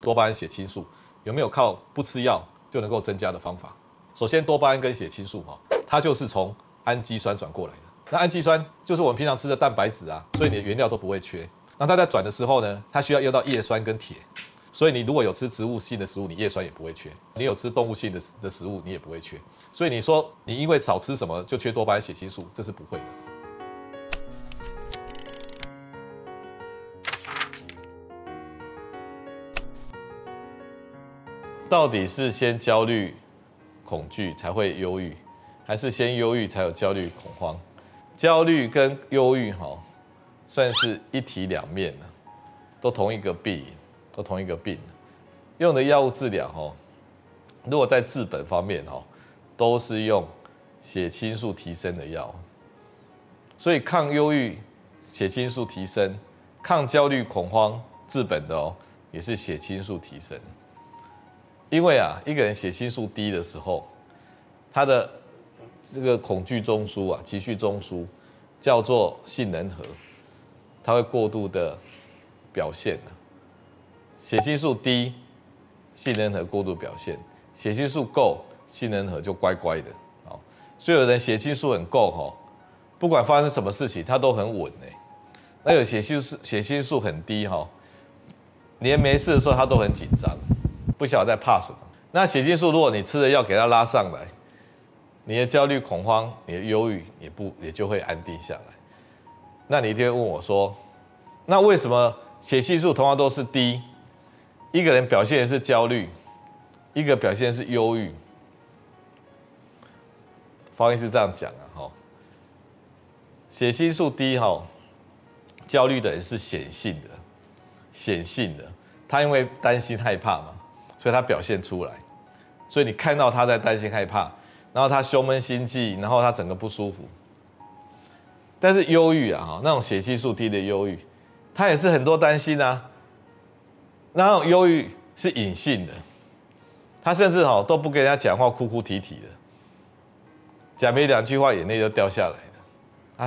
多巴胺、血清素有沒有靠不吃藥就能夠增加的方法？首先，多巴胺跟血清素哈，它就是從氨基酸轉過來的。那氨基酸就是我們平常吃的蛋白質啊，所以你的原料都不會缺。那它在轉的時候呢，它需要用到葉酸跟鐵，所以你如果有吃植物性的食物，你葉酸也不會缺；你有吃動物性的的食物，你也不會缺。所以你說你因為少吃什麼就缺多巴胺、血清素，這是不會的。到底是先焦慮、恐懼才會憂鬱，還是先憂鬱才有焦慮、恐慌？焦慮跟憂鬱，哈，算是一體兩面，都同一個病，都同一個病。用的藥物治療，如果在治本方面，都是用血清素提升的藥。所以抗憂鬱、血清素提升，抗焦慮、恐慌治本的哦，也是血清素提升。因為啊，一個人血清素低的時候，他的這個恐懼中樞啊、情緒中樞叫做杏仁核，他會過度的表現呢。血清素低，杏仁核過度表現；血清素夠，杏仁核就乖乖的。所以有人血清素很夠哈、哦，不管發生什麼事情，他都很穩哎。那有血清素血清素很低哈、哦，連沒事的時候他都很緊張。不曉得在怕什麼。那血清素，如果你吃了藥給它拉上來，你的焦慮、恐慌、你的憂鬱也不也就會安定下來。那你一定會問我說：“那為什麼血清素同樣都是低，一個人表現的是焦慮，一個表現是憂鬱？”方醫師這樣講啊，哈，血清素低，哈，焦慮的人是顯性的，顯性的，他因為擔心、害怕嘛。他表現出來，所以你看到他在擔心害怕，然後他胸悶心悸，然後他整個不舒服。但是憂鬱啊，那種血清素低的憂鬱，他也是很多擔心吶、啊。那種憂鬱是隱性的，他甚至都不跟人家講話，哭哭啼啼的，講沒兩句話眼淚就掉下來了。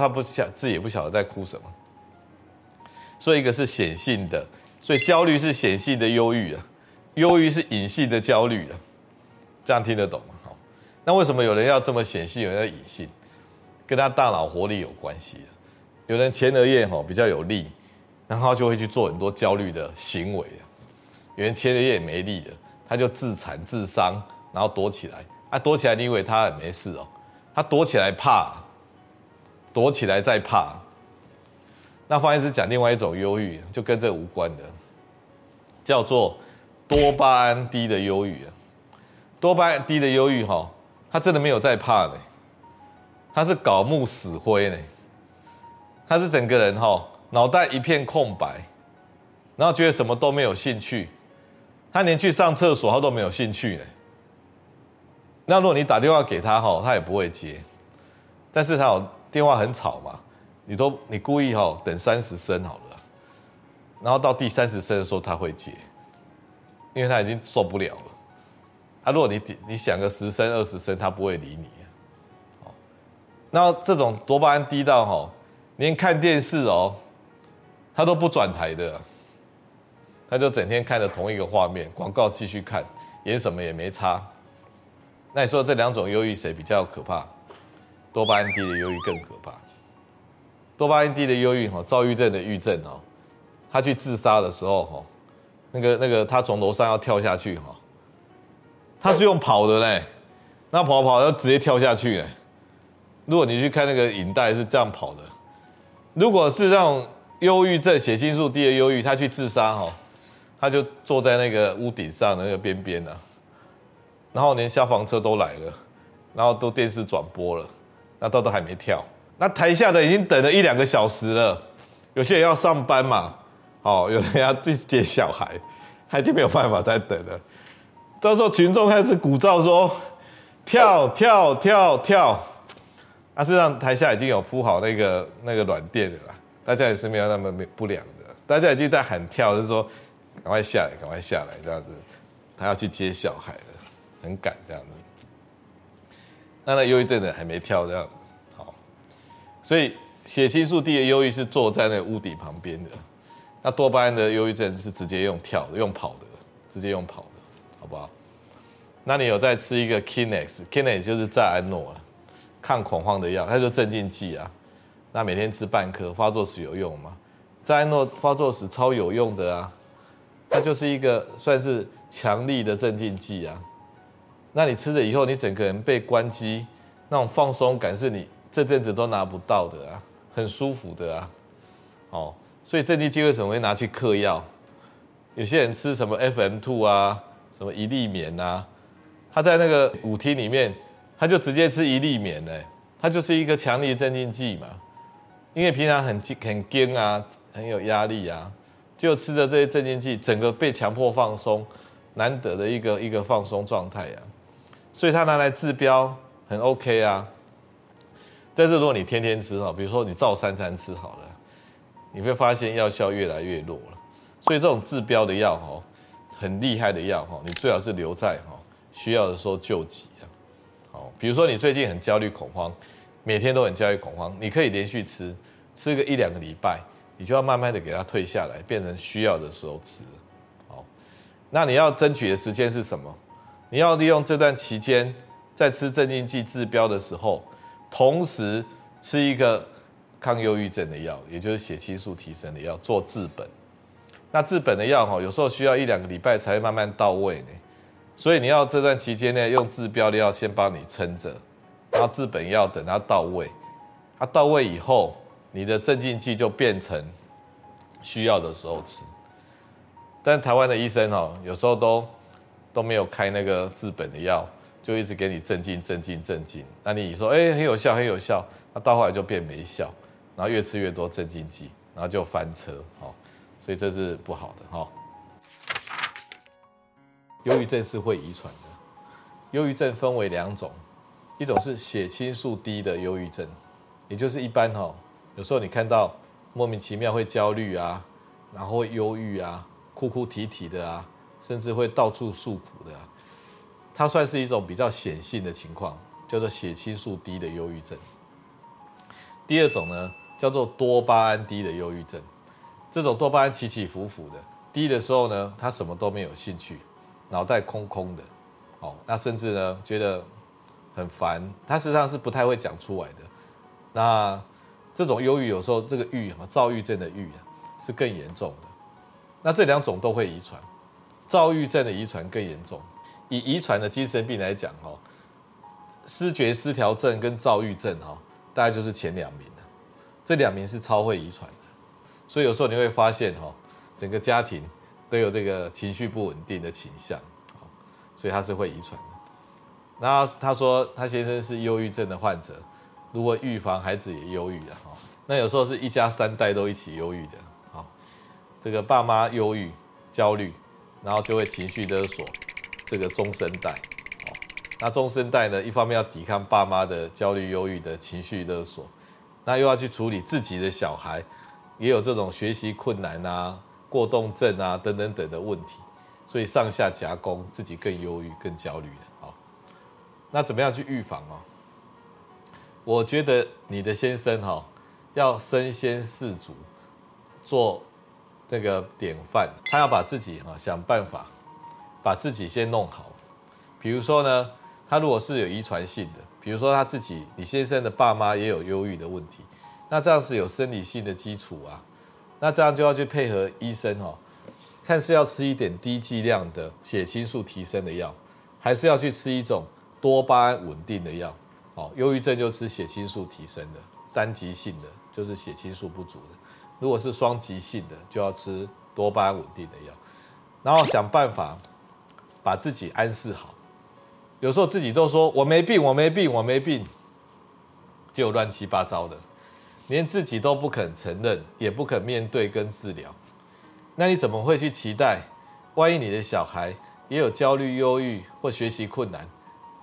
他不想，自己也不曉得在哭什麼。所以一個是顯性的，所以焦慮是顯性的憂鬱啊。憂鬱是隱性的焦慮的、啊，這樣聽得懂嗎？好，那為什麼有人要這麼顯性，有人要隱性？跟他大腦活力有關係、啊、有人前額葉吼比較有力，然後就會去做很多焦慮的行為。有人前額葉沒力了，他就自殘自傷，然後躲起來。啊，躲起來你以為他很沒事哦？他躲起來怕，躲起來再怕。那方醫師講另外一種憂鬱，就跟這無關的，叫做。多巴胺低的憂鬱啊，多巴胺低的憂鬱哈，他真的沒有在怕呢，他是槁木死灰呢，他是整個人哈腦袋一片空白，然後覺得什麼都沒有興趣，他連去上廁所他都沒有興趣呢。那如果你打電話給他哈，他也不會接，但是他有電話很吵嘛，你都你故意哈等三十聲好了，然後到第三十聲的時候他會接。因為他已經受不了了，他、啊、如果你你想個十聲二十聲，他不會理你。哦，那這種多巴胺低到吼，連看電視哦，他都不轉台的，他就整天看着同一個畫面，廣告繼續看，演什麼也沒差。那你說這兩種憂鬱誰比較可怕？多巴胺低的憂鬱更可怕。多巴胺低的憂鬱哦，躁鬱症的鬱症哦，他去自殺的時候那個、那個，他從樓上要跳下去哈，他是用跑的嘞，那跑跑要直接跳下去嘞。如果你去看那個影帶，是這樣跑的。如果是那種憂鬱症、血清素低的憂鬱，他去自殺哈，他就坐在那個屋頂上的那個邊邊呢，然後連消防車都來了，然後都電視轉播了，那他都還沒跳。那台下的已經等了一兩個小時了，有些人要上班嘛。哦，有人要去接小孩，他就沒有辦法再等了。到時候群眾開始鼓譟說：“跳跳跳跳！”啊，事實上台下已經有鋪好那個那個軟墊的了啦，大家也是沒有那麼不良的。大家已經在喊跳，是說：“趕快下來，趕快下來！”這樣子，他要去接小孩了，很趕這樣子。那那憂鬱症的還沒跳這樣子，好。所以血清素低的憂鬱是坐在那個屋頂旁邊的。那多巴胺的憂鬱症是直接用跳的，用跑的，直接用跑的，好不好？那你有在吃一個 Kinex，Kinex 就是贊安諾啊，抗恐慌的藥，它就鎮靜劑啊。那每天吃半顆，發作時有用嗎？贊安諾發作時超有用的啊，它就是一個算是強力的鎮靜劑啊。那你吃了以後，你整個人被關機，那種放鬆感是你這陣子都拿不到的啊，很舒服的啊，哦。所以鎮靜劑為什麼會拿去嗑藥？有些人吃什麼 FM2 啊，什麼一粒眠啊，他在那個舞廳裡面，他就直接吃一粒眠呢、欸，他就是一個強力鎮靜劑嘛。因為平常很緊很驚啊，很有壓力啊，就吃的這些鎮靜劑，整個被強迫放鬆，難得的一個一個放鬆狀態呀。所以他拿來治標很 OK 啊。但是如果你天天吃哦，比如說你照三餐吃好了。你會發現藥效越來越弱了，所以這種治標的藥哈，很厲害的藥哈，你最好是留在哈需要的時候救急啊。好，比如說你最近很焦慮恐慌，每天都很焦慮恐慌，你可以連續吃吃個一兩個禮拜，你就要慢慢的給它退下來，變成需要的時候吃。好，那你要爭取的時間是什麼？你要利用這段期間在吃鎮靜劑治標的時候，同時吃一個。抗憂鬱症的藥，也就是血清素提升的藥，做治本。那治本的藥哈，有時候需要一兩個禮拜才會慢慢到位呢。所以你要這段期間呢，用治標的藥先幫你撐着，然後治本藥等它到位。它、啊、到位以後，你的鎮靜劑就變成需要的時候吃。但台灣的醫生哈，有時候都都沒有開那個治本的藥，就一直給你鎮靜、鎮靜、鎮靜。那你說，哎、欸，很有效，很有效。那、啊、到後來就變沒效。然後越吃越多鎮靜劑，然後就翻車哦，所以這是不好的哈、哦。憂鬱症是會遺傳的，憂鬱症分為兩種，一種是血清素低的憂鬱症，也就是一般哈、哦，有時候你看到莫名其妙會焦慮啊，然後會憂鬱啊，哭哭啼啼啼的啊，甚至會到處訴苦的啊，它算是一種比較顯性的情況，叫做血清素低的憂鬱症。第二種呢？叫做多巴胺低的憂鬱症，這種多巴胺起起伏伏的，低的時候呢，他什麼都沒有興趣，腦袋空空的，哦，那甚至呢覺得很煩，他實際上是不太會講出來的。那這種憂鬱有時候這個鬱哈，啊，躁鬱症的鬱啊，是更嚴重的。那這兩種都會遺傳，躁鬱症的遺傳更嚴重。以遺傳的精神病來講，哦，思覺失調症跟躁鬱症，哦，大概就是前兩名。這兩名是超會遺傳的，所以有時候你會發現哦，整個家庭都有這個情緒不穩定的傾向，所以他是會遺傳的。然後他說他先生是憂鬱症的患者，如何預防孩子也憂鬱了哈，那有時候是一家三代都一起憂鬱的，好，這個爸媽憂鬱焦慮，然後就會情緒勒索，這個中生代，那中生代呢，一方面要抵抗爸媽的焦慮憂鬱的情緒勒索。那又要去處理自己的小孩，也有這種學習困難啊、過動症啊等等等等的問題，所以上下夾攻，自己更憂鬱、更焦慮了。好，那怎麼樣去預防哦？我覺得你的先生哈、哦、要身先士卒，做這個典範，他要把自己哈想辦法把自己先弄好。比如說呢，他如果是有遺傳性的。比如說他自己，你先生的爸媽也有憂鬱的問題，那這樣是有生理性的基礎啊，那這樣就要去配合醫生哦，看是要吃一點低劑量的血清素提升的藥，還是要去吃一種多巴胺穩定的藥。哦，憂鬱症就吃血清素提升的單極性的，就是血清素不足的；如果是雙極性的，就要吃多巴胺穩定的藥，然後想辦法把自己安適好。有時候自己都說我沒病，我沒病，我沒病，就亂七八糟的，連自己都不肯承認，也不肯面對跟治療，那你怎麼會去期待？萬一你的小孩也有焦慮、憂鬱或學習困難，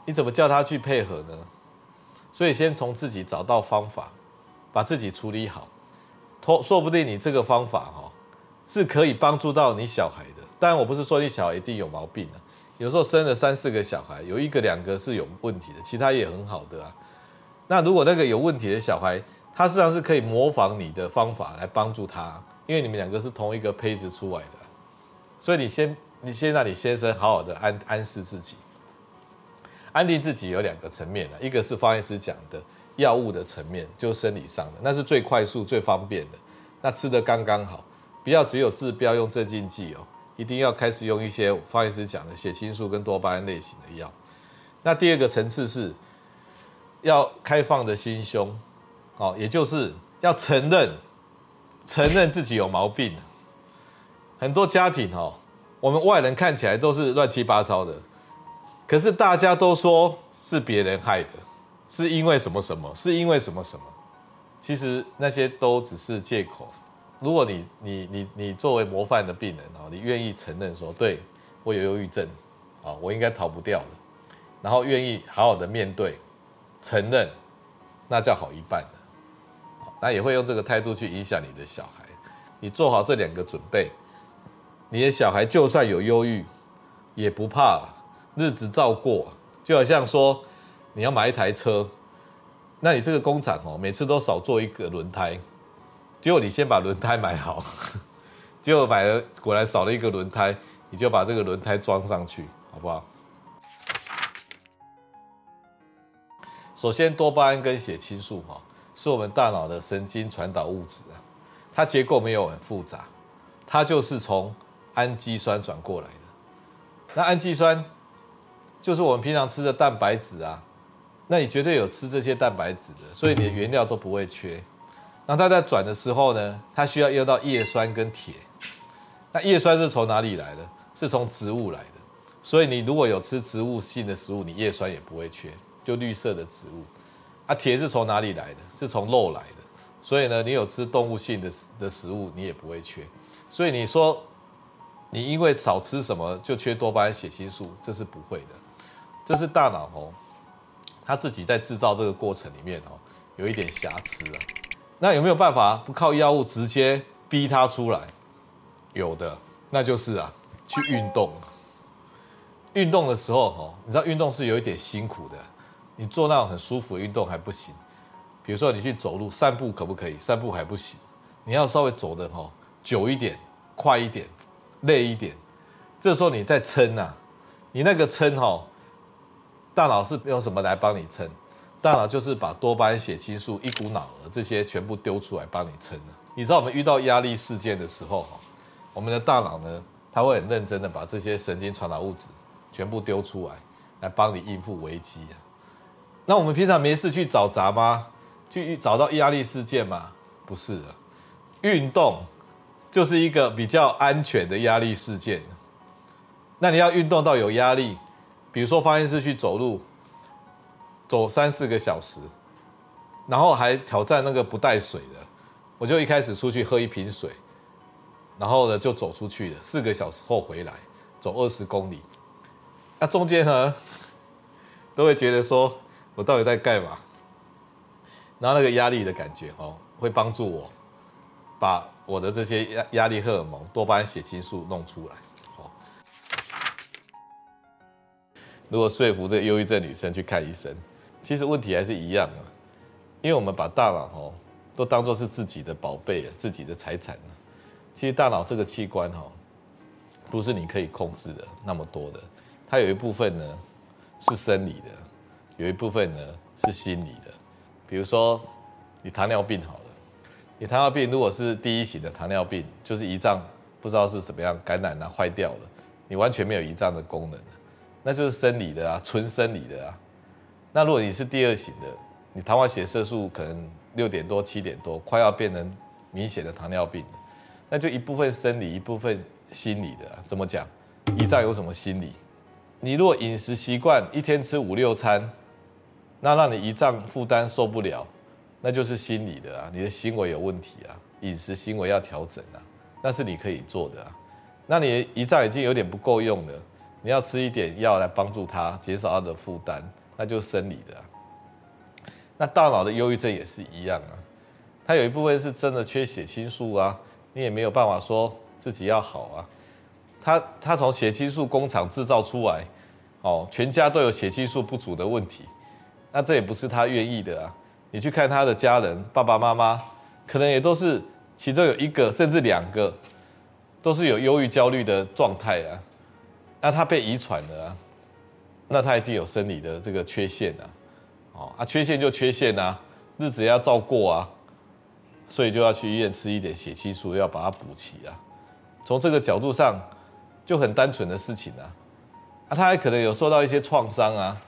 你怎麼叫他去配合呢？所以先從自己找到方法，把自己處理好，說說不定你這個方法哈，是可以幫助到你小孩的。當然，我不是說你小孩一定有毛病啊。有時候生了三四個小孩，有一個兩個是有問題的，其他也很好的啊。那如果那個有問題的小孩，他實際上是可以模仿你的方法來幫助他，因為你們兩個是同一個胚子出來的，所以你先你先讓你先生好好的安安適自己。安定自己有兩個層面啊，一個是方醫師講的藥物的層面，就是生理上的，那是最快速最方便的，那吃得剛剛好，不要只有治標用鎮靜劑哦。一定要開始用一些，方醫師講的血清素跟多巴胺類型的藥。那第二個層次是要開放的心胸，哦，也就是要承認，承認自己有毛病。很多家庭哦，我們外人看起來都是亂七八糟的，可是大家都說是別人害的，是因為什麼什麼，是因為什麼什麼，其實那些都只是借口。如果你你你你作為模範的病人哦，你願意承認說對，我有憂鬱症，啊，我應該逃不掉的，然後願意好好的面對，承認，那就好一半了。那也會用這個態度去影響你的小孩。你做好這兩個準備，你的小孩就算有憂鬱也不怕，日子照過。就好像說你要買一台車，那你這個工廠哦，每次都少做一個輪胎。結果你先把輪胎買好，結果買了果然少了一個輪胎，你就把這個輪胎裝上去，好不好？首先，多巴胺跟血清素哈，是我們大腦的神經傳導物質，它結構沒有很複雜，它就是從氨基酸轉過來的。那氨基酸就是我們平常吃的蛋白質啊，那你絕對有吃這些蛋白質的，所以你的原料都不會缺。那它在轉的時候呢，它需要用到葉酸跟鐵。那葉酸是從哪裡來的？是從植物來的。所以你如果有吃植物性的食物，你葉酸也不會缺，就綠色的植物。啊，鐵是從哪裡來的？是從肉來的。所以呢，你有吃動物性的的食物，你也不會缺。所以你說你因為少吃什麼就缺多巴胺血清素，這是不會的。這是大腦哦，它自己在制造這個過程裡面哦，有一點瑕疵啊。那有沒有辦法不靠藥物直接逼他出來？有的，那就是啊，去運動。運動的時候，吼，你知道運動是有一點辛苦的，你做那種很舒服的運動還不行。比如說你去走路散步，可不可以？散步還不行，你要稍微走的吼久一點、快一點、累一點。這時候你在撐吶，你那個撐吼，大腦是用什麼來幫你撐？大腦就是把多巴胺、血清素一股腦兒這些全部丟出來幫你撐的。你知道我們遇到壓力事件的時候，我們的大腦呢，他會很認真的把這些神經傳導物質全部丟出來，來幫你應付危機、啊。那我們平常沒事去找碴嗎？去找到壓力事件嗎？不是的、啊，運動就是一個比較安全的壓力事件。那你要運動到有壓力，比如說方醫師去走路。走三四個小時，然後還挑戰那個不帶水的，我就一開始出去喝一瓶水，然後呢就走出去了，四個小時後回來，走二十公里。那、啊、中間呢，都會覺得說，我到底在幹嘛？然後那個壓力的感覺哦，會幫助我把我的這些壓壓力荷爾蒙、多巴胺、血清素弄出來。哦。如果說服這憂鬱症女生去看醫生。其實問題還是一樣啊，因為我們把大腦哦，都當作是自己的寶貝，自己的財產。其實大腦這個器官哦，不是你可以控制的那麼多的。它有一部分呢是生理的，有一部分呢是心理的。比如說你糖尿病好了，你糖尿病如果是第一型的糖尿病，就是胰臟不知道是什麼樣感染啊壞掉了，你完全沒有胰臟的功能了，那就是生理的啊，純生理的啊。那如果你是第二型的，你糖化血色素可能六點多七點多，快要變成明顯的糖尿病了，那就一部分生理，一部分心理的啊。怎麼講？胰臟有什麼心理？你如果飲食習慣一天吃五六餐，那讓你胰臟負擔受不了，那就是心理的啊，你的行為有問題啊，飲食行為要調整啊，那是你可以做的啊。那你胰臟已經有點不夠用了，你要吃一點藥來幫助它，減少它的負擔。那就是生理的啊，那大腦的憂鬱症也是一樣啊，它有一部分是真的缺血清素啊，你也沒有辦法說自己要好啊，他他從血清素工廠製造出來，哦，全家都有血清素不足的問題，那這也不是他願意的啊，你去看他的家人，爸爸媽媽，可能也都是其中有一個甚至兩個，都是有憂鬱焦慮的狀態啊，那他被遺傳了啊。那他一定有生理的這個缺陷啊，哦啊，缺陷就缺陷啊，日子也要照過啊，所以就要去醫院吃一點血清素，要把它補齊啊。從這個角度上，就很單純的事情啊，啊他還可能有受到一些創傷啊，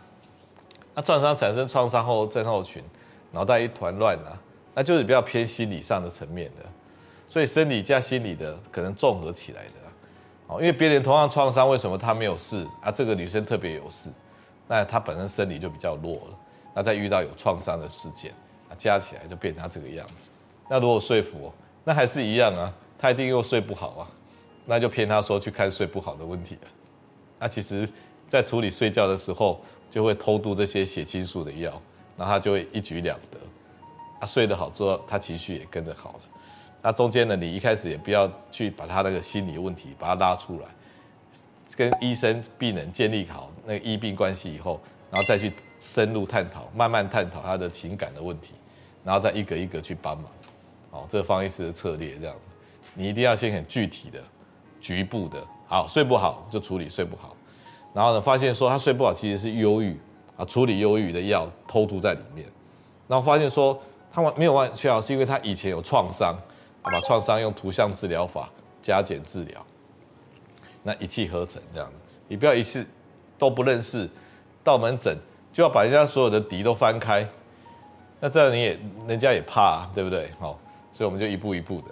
那、啊、創傷產生創傷後症候群，腦袋一團亂啊，那就是比較偏心理上的層面的，所以生理加心理的可能綜合起來的。哦，因為別人同樣創傷，為什麼她沒有事啊？這個女生特別有事，那她本身生理就比較弱了。那再遇到有創傷的事件，啊，加起來就變成這個樣子。那如果說服，那還是一樣啊，他一定又睡不好啊。那就騙他說去看睡不好的問題了。那其實，在處理睡覺的時候，就會偷渡這些血清素的藥，然後他就會一舉兩得，他、啊、睡得好，之後，他情緒也跟着好了。那中間呢，你一開始也不要去把他那個心理問題把他拉出來，跟醫生病人建立好那個醫病關係以後，然後再去深入探討，慢慢探討他的情感的問題，然後再一個一個去幫忙。好，這個方醫師的策略這樣子，你一定要先很具體的、局部的，好，睡不好就處理睡不好，然後呢，發現說他睡不好其實是憂鬱啊，處理憂鬱的藥偷渡在裡面，然後發現說他完沒有完全好，是因為他以前有創傷。把創傷用圖像治療法加減治療，那一氣呵成這樣子，你不要一次都不認識，到門診就要把人家所有的底都翻開，那這樣你也人家也怕啊，對不對？好，所以我們就一步一步的。